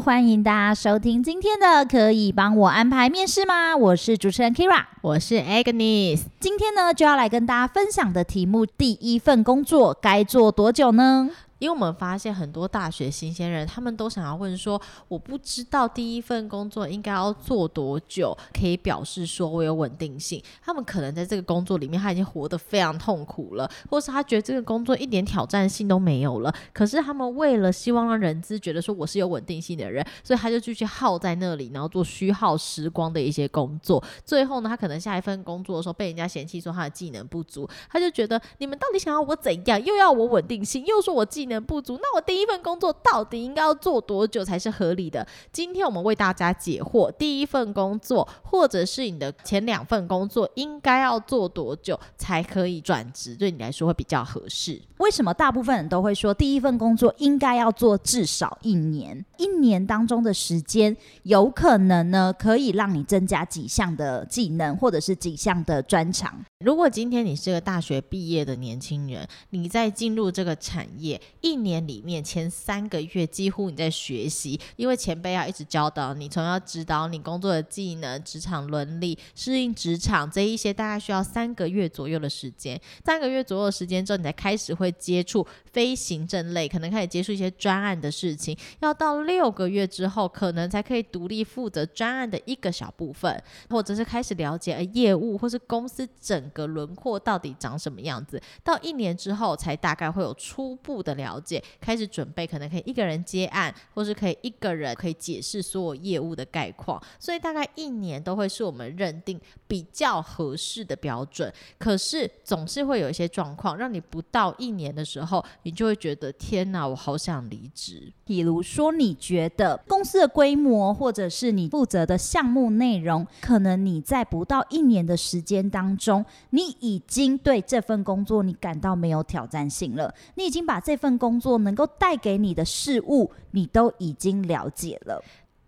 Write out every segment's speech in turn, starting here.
歡迎大家收聽今天的《可以幫我安排面試嗎》？我是主持人 Kira，我是 Agnes。今天呢，就要來跟大家分享的題目：第一份工作該做多久呢？因為我們發現很多大學新鮮人，他們都想要問說，我不知道第一份工作應該要做多久，可以表示說我有穩定性。他們可能在這個工作裡面，他已經活得非常痛苦了，或是他覺得這個工作一點挑戰性都沒有了。可是他們為了希望讓人資覺得說我是有穩定性的人，所以他就繼續耗在那裡，然後做虛耗時光的一些工作。最後呢，他可能下一份工作的時候被人家嫌棄說他的技能不足，他就覺得你們到底想要我怎樣？又要我穩定性，又說我技技能不足，那我第一份工作到底應該要做多久才是合理的？今天我們為大家解惑：第一份工作，或者是你的前兩份工作，應該要做多久才可以轉職？對你來說會比較合適？為什麼大部分人都會說第一份工作應該要做至少一年？一年當中的時間，有可能呢可以讓你增加幾項的技能，或者是幾項的專長。如果今天你是個大學畢業的年輕人，你在進入這個產業。一年裡面，前三個月幾乎你在學習，因為前輩要一直教導你，從要指導你工作的技能、職場倫理、適應職場這一些，大概需要三個月左右的時間。三個月左右的時間之後，你才開始會接觸非行政類，可能開始接觸一些專案的事情。要到六個月之後，可能才可以獨立負責專案的一個小部分，或者是開始了解呃業務，或是公司整個輪廓到底長什麼樣子。到一年之後，才大概會有初步的了解。了解，開始準備，可能可以一個人接案，或是可以一個人可以解釋所有業務的概況。所以大概一年都會是我們認定比較合適的標準。可是總是會有一些狀況，讓你不到一年的時候，你就會覺得天哪，我好想離職。比如說，你覺得公司的規模，或者是你負責的項目內容，可能你在不到一年的時間當中，你已經對這份工作你感到沒有挑戰性了，你已經把這份工作。工作能夠帶給你的事物，你都已經了解了。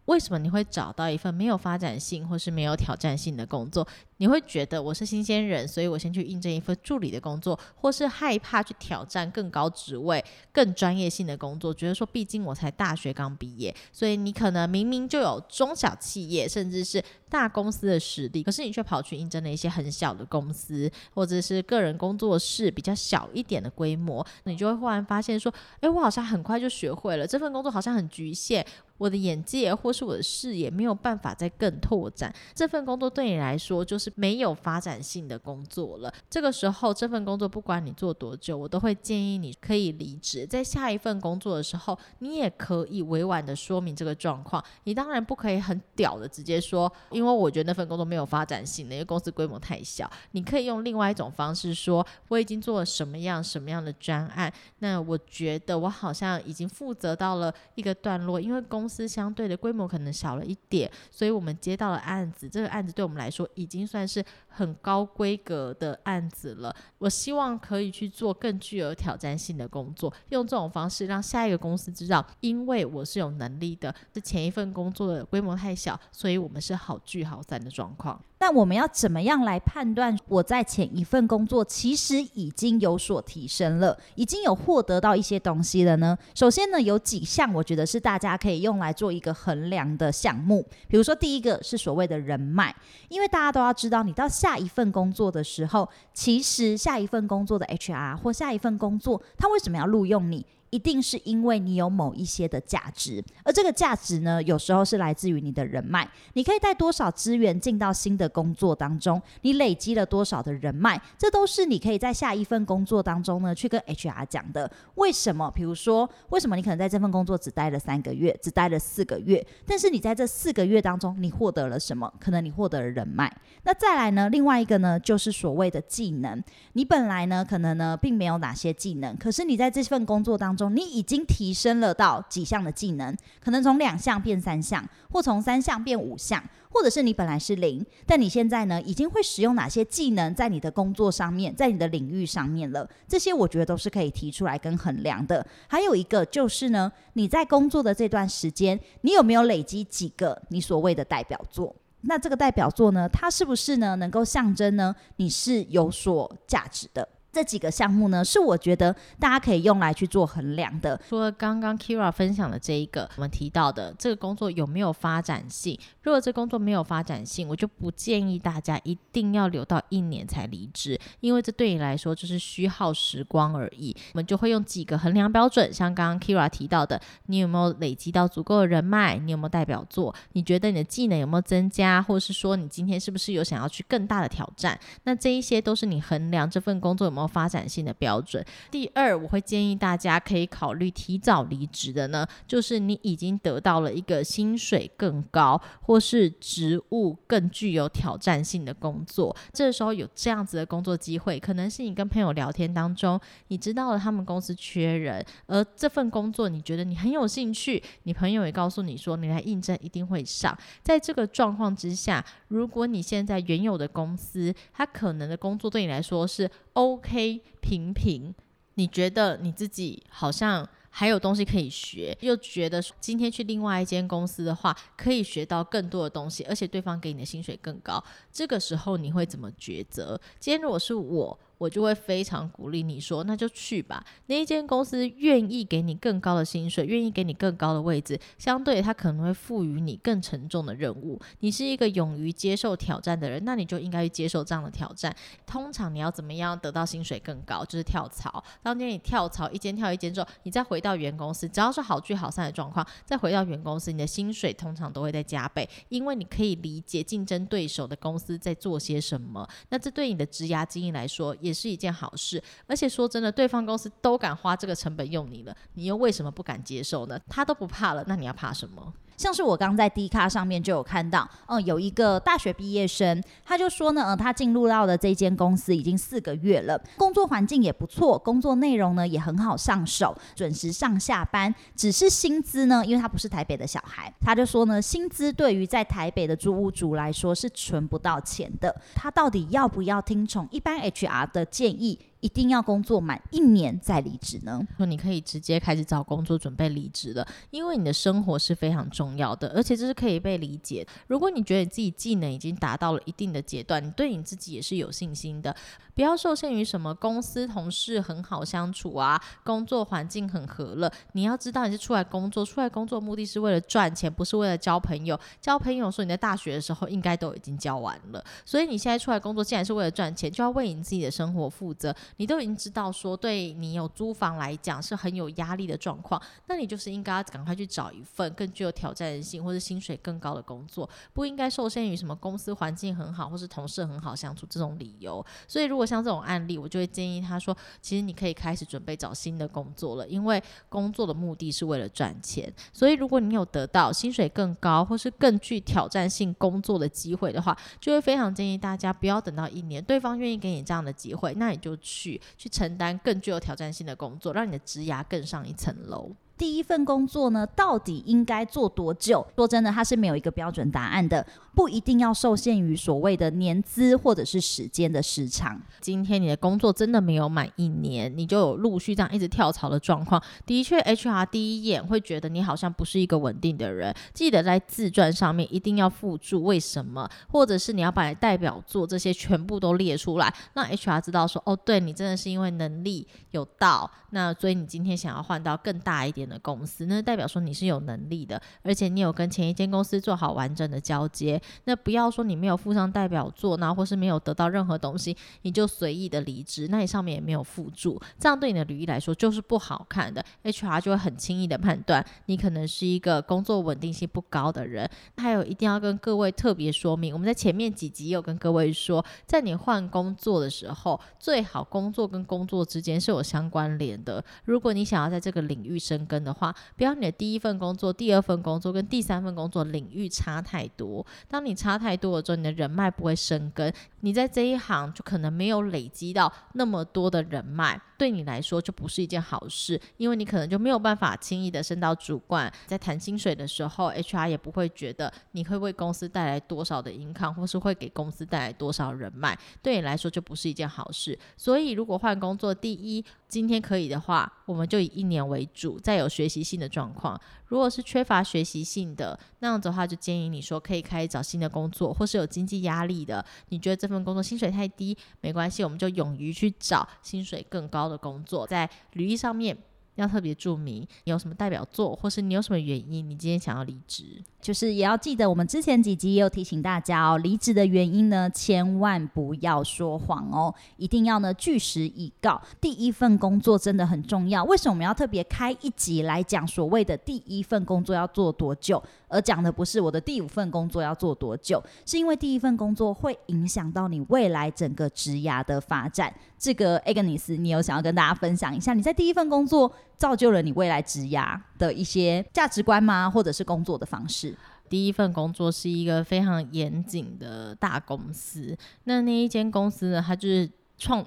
為什麼你會找到一份沒有發展性或是沒有挑戰性的工作？你會覺得我是新鮮人，所以我先去應徵一份助理的工作，或是害怕去挑戰更高職位、更專業性的工作，覺得說畢竟我才大學剛畢業。所以你可能明明就有中小企業甚至是大公司的實力，可是你卻跑去應徵了一些很小的公司，或者是個人工作室比較小一點的規模，你就會忽然發現說，哎，我好像很快就學會了這份工作，好像很局限。我的眼界或是我的視野沒有辦法再更拓展，這份工作對你來說就是沒有發展性的工作了。這個時候，這份工作不管你做多久，我都會建議你可以離職。在下一份工作的時候，你也可以委婉的說明這個狀況。你當然不可以很屌的直接說，因為我覺得那份工作沒有發展性，因為公司規模太小。你可以用另外一種方式說，我已經做了什麼樣什麼樣的專案，那我覺得我好像已經負責到了一個段落，因為公公司相對的規模可能小了一點，所以我們接到了案子。這個案子對我們來說已經算是很高規格的案子了，我希望可以去做更具有挑戰性的工作，用這種方式讓下一個公司知道，因為我是有能力的。這前一份工作的規模太小，所以我們是好聚好散的狀況。那我們要怎麼樣來判斷我在前一份工作其實已經有所提升了，已經有獲得到一些東西了呢？首先呢，有幾項我覺得是大家可以用來做一個衡量的項目，比如說第一個是所謂的人脈，因為大家都要知道，你到下。下一份工作的時候，其實下一份工作的 HR 或下一份工作，他為什麼要錄用你？一定是因為你有某一些的價值，而這個價值呢，有時候是來自於你的人脈。你可以帶多少資源進到新的工作當中？你累積了多少的人脈？這都是你可以在下一份工作當中呢，去跟 HR 講的。為什麼？比如說，為什麼你可能在這份工作只待了三個月，只待了四個月？但是你在這四個月當中，你獲得了什麼？可能你獲得了人脈。那再來呢？另外一個呢，就是所謂的技能。你本來呢，可能呢，並沒有哪些技能，可是你在這份工作當中中，你已經提升了到幾項的技能，可能從兩項變三項，或從三項變五項，或者是你本來是零，但你現在呢，已經會使用哪些技能在你的工作上面，在你的領域上面了。這些我覺得都是可以提出來跟衡量的。還有一個就是呢，你在工作的這段時間，你有沒有累積幾個你所謂的代表作？那這個代表作呢，它是不是呢，能夠象徵呢，你是有所價值的？這幾個項目呢，是我覺得大家可以用來去做衡量的。說剛剛 Kira 分享的這一個，我們提到的這個工作有沒有發展性？如果這工作沒有發展性，我就不建議大家一定要留到一年才離職，因為這對你來說就是虛耗時光而已。我們就會用幾個衡量標準，像剛剛 Kira 提到的，你有沒有累積到足夠的人脈？你有沒有代表作？你覺得你的技能有沒有增加？或者是說，你今天是不是有想要去更大的挑戰？那這一些都是你衡量這份工作有沒有。發展性的標準。第二，我會建議大家可以考慮提早離職的呢，就是你已經得到了一個薪水更高或是職務更具有挑戰性的工作。這時候有這樣子的工作機會，可能是你跟朋友聊天當中，你知道了他們公司缺人，而這份工作你覺得你很有興趣。你朋友也告訴你說，你來應徵一定會上。在這個狀況之下，如果你現在原有的公司，它可能的工作對你來說是 OK。黑平平，你覺得你自己好像還有東西可以學，又覺得今天去另外一間公司的話，可以學到更多的東西，而且對方給你的薪水更高。這個時候你會怎麼抉擇？今天如果是我。我就會非常鼓勵你說，那就去吧。那一間公司願意給你更高的薪水，願意給你更高的位置，相對他可能會賦予你更沉重的任務。你是一個勇於接受挑戰的人，那你就應該去接受這樣的挑戰。通常你要怎麼樣得到薪水更高？就是跳槽。當你你跳槽一間跳一間之後，你再回到原公司，只要是好聚好散的狀況，再回到原公司，你的薪水通常都會再加倍，因為你可以理解競爭對手的公司在做些什麼。那這對你的職涯經營來說。也是一件好事，而且說真的，對方公司都敢花這個成本用你了，你又為什麼不敢接受呢？他都不怕了，那你要怕什麼？像是我剛在 Dcard 上面，就有看到，嗯、呃，有一個大學畢業生，他就說呢，呃、他進入到了這間公司已經四個月了，工作環境也不錯，工作內容呢也很好上手，準時上下班，只是薪資呢，因為他不是台北的小孩，他就說呢，薪資對於在台北的租屋族來說是存不到錢的，他到底要不要聽從一般 HR 的建議？一定要工作滿一年再離職呢？說，你可以直接開始找工作準備離職了，因為你的生活是非常重要的，而且這是可以被理解。如果你覺得你自己技能已經達到了一定的階段，你對你自己也是有信心的，不要受限於什麼公司同事很好相處啊，工作環境很和樂。你要知道，你是出來工作，出來工作的目的是為了賺錢，不是為了交朋友。交朋友說你在大學的時候應該都已經交完了，所以你現在出來工作，既然是為了賺錢，就要為你自己的生活負責。你都已經知道說對你有租房來講是很有壓力的狀況，那你就是應該趕快去找一份更具有挑戰性或是薪水更高的工作，不應該受限於什麼公司環境很好或是同事很好相處這種理由。所以如果像這種案例，我就會建議他說，其實你可以開始準備找新的工作了，因為工作的目的是為了賺錢。所以如果你有得到薪水更高或是更具挑戰性工作的機會的話，就會非常建議大家不要等到一年，對方願意給你這樣的機會，那你就去。去承擔更具有挑戰性的工作，讓你的職涯更上一層樓。第一份工作呢，到底應該做多久？說真的，它是沒有一個標準答案的，不一定要受限於所謂的年資或者是時間的時長。今天你的工作真的沒有滿一年，你就有陸續這樣一直跳槽的狀況，的確，HR 第一眼會覺得你好像不是一個穩定的人。記得在自傳上面一定要附注為什麼，或者是你要把你代表作這些全部都列出來，讓 HR 知道說，哦，對你真的是因為能力有到，那所以你今天想要換到更大一點。的公司，那代表說你是有能力的，而且你有跟前一間公司做好完整的交接。那不要說你沒有附上代表作，那或是沒有得到任何東西，你就隨意的離職，那你上面也沒有附注，這樣對你的履歷來說就是不好看的。HR 就會很輕易的判斷你可能是一個工作穩定性不高的人。還有一定要跟各位特別說明，我們在前面幾集也有跟各位說，在你換工作的時候，最好工作跟工作之間是有相關聯的。如果你想要在這個領域深耕。的話，不要你的第一份工作、第二份工作跟第三份工作領域差太多。當你差太多的時候，你的人脈不會生根。你在這一行就可能沒有累積到那麼多的人脈，對你來說就不是一件好事。因為你可能就沒有辦法輕易的升到主管，在談薪水的時候，HR 也不會覺得你會為公司帶來多少的 income，或是會給公司帶來多少人脈。對你來說就不是一件好事。所以如果換工作，第一。今天可以的話，我們就以一年為主。再有學習性的狀況，如果是缺乏學習性的，那樣的話就建議你說可以開始找新的工作，或是有經濟壓力的，你覺得這份工作薪水太低，沒關係，我們就勇於去找薪水更高的工作，在履歷上面。要特別註明，你有什麼代表作，或是你有什麼原因，你今天想要離職？就是也要記得，我們之前幾集也有提醒大家哦，離職的原因呢，千萬不要說謊哦，一定要呢據實以告。第一份工作真的很重要，為什麼我們要特別開一集來講所謂的第一份工作要做多久？而講的不是我的第五份工作要做多久，是因為第一份工作會影響到你未來整個職涯的發展。這個艾格尼斯，你有想要跟大家分享一下，你在第一份工作造就了你未來職涯的一些價值觀嗎？或者是工作的方式？第一份工作是一個非常嚴謹的大公司，那那一間公司呢？它就是創。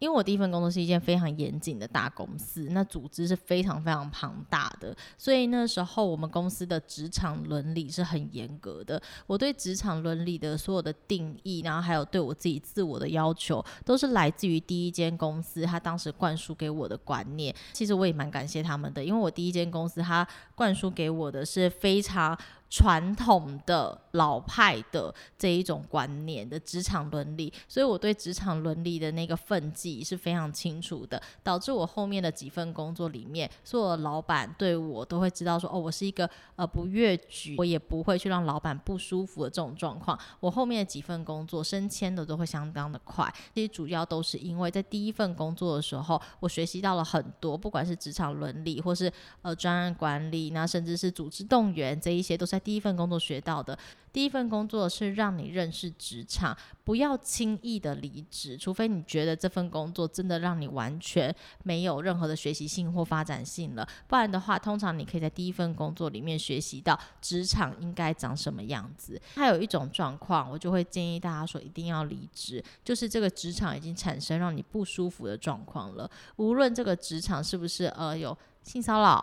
因為我第一份工作是一間非常嚴謹的大公司，那組織是非常非常龐大的，所以那時候我們公司的職場倫理是很嚴格的。我對職場倫理的所有的定義，然後還有對我自己自我的要求，都是來自於第一間公司他當時灌輸給我的觀念。其實我也蠻感謝他們的，因為我第一間公司他灌輸給我的是非常。傳統的老派的這一種觀念的職場倫理，所以我對職場倫理的那個分際是非常清楚的，導致我後面的幾份工作裡面，所有老闆對我都會知道說，哦，我是一個呃不越矩，我也不會去讓老闆不舒服的這種狀況。我後面的幾份工作升遷的都會相當的快，這些主要都是因為在第一份工作的時候，我學習到了很多，不管是職場倫理，或是呃專案管理，那甚至是組織動員這一些都是在。第一份工作學到的，第一份工作是讓你認識職場，不要輕易的離職，除非你覺得這份工作真的讓你完全沒有任何的學習性或發展性了，不然的話，通常你可以在第一份工作裡面學習到職場應該長什麼樣子。還有一種狀況，我就會建議大家說一定要離職，就是這個職場已經產生讓你不舒服的狀況了，無論這個職場是不是呃有性騷擾。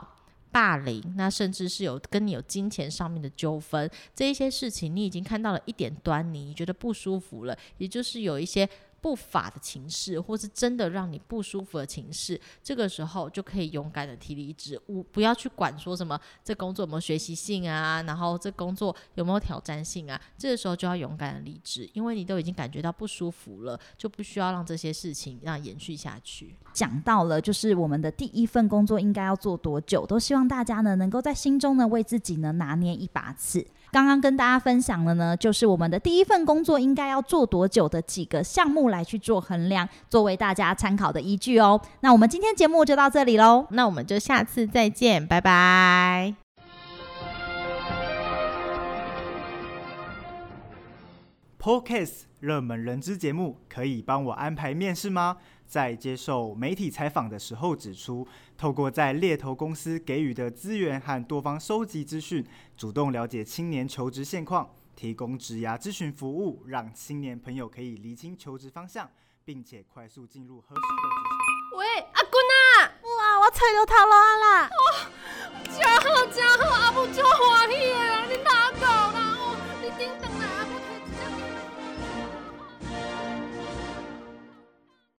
霸凌，那甚至是有跟你有金錢上面的糾紛，這一些事情你已經看到了一點端倪，你覺得不舒服了，也就是有一些不法的情事，或是真的讓你不舒服的情事，這個時候就可以勇敢的提離職，不，不要去管說什麼這工作有沒有學習性啊，然後這工作有沒有挑戰性啊，這個時候就要勇敢的離職，因為你都已經感覺到不舒服了，就不需要讓這些事情讓延續下去。講到了就是我們的第一份工作應該要做多久，都希望大家呢能夠在心中呢為自己呢拿捏一把尺。剛剛跟大家分享的呢，就是我們的第一份工作應該要做多久的幾個項目來去做衡量，作為大家參考的依據哦。那我們今天節目就到這裡嘍，那我們就下次再見，拜拜。Podcast 熱門人資節目，可以幫我安排面試嗎？在接受媒體採訪的時候指出，透過在獵頭公司給予的資源和多方收集資訊，主動了解青年求職現況，提供職涯諮詢服務，讓青年朋友可以釐清求職方向，並且快速進入合適的職場。喂，阿君啊，哇，我找到頭路啦啦！哦，真好真好，阿母真歡喜耶！